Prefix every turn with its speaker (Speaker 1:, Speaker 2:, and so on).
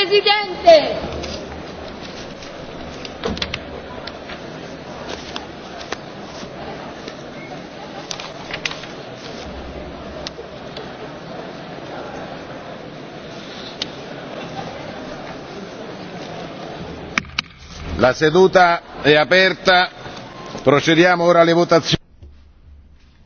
Speaker 1: Presidente!
Speaker 2: La seduta è aperta. Procediamo ora
Speaker 3: alle votazioni.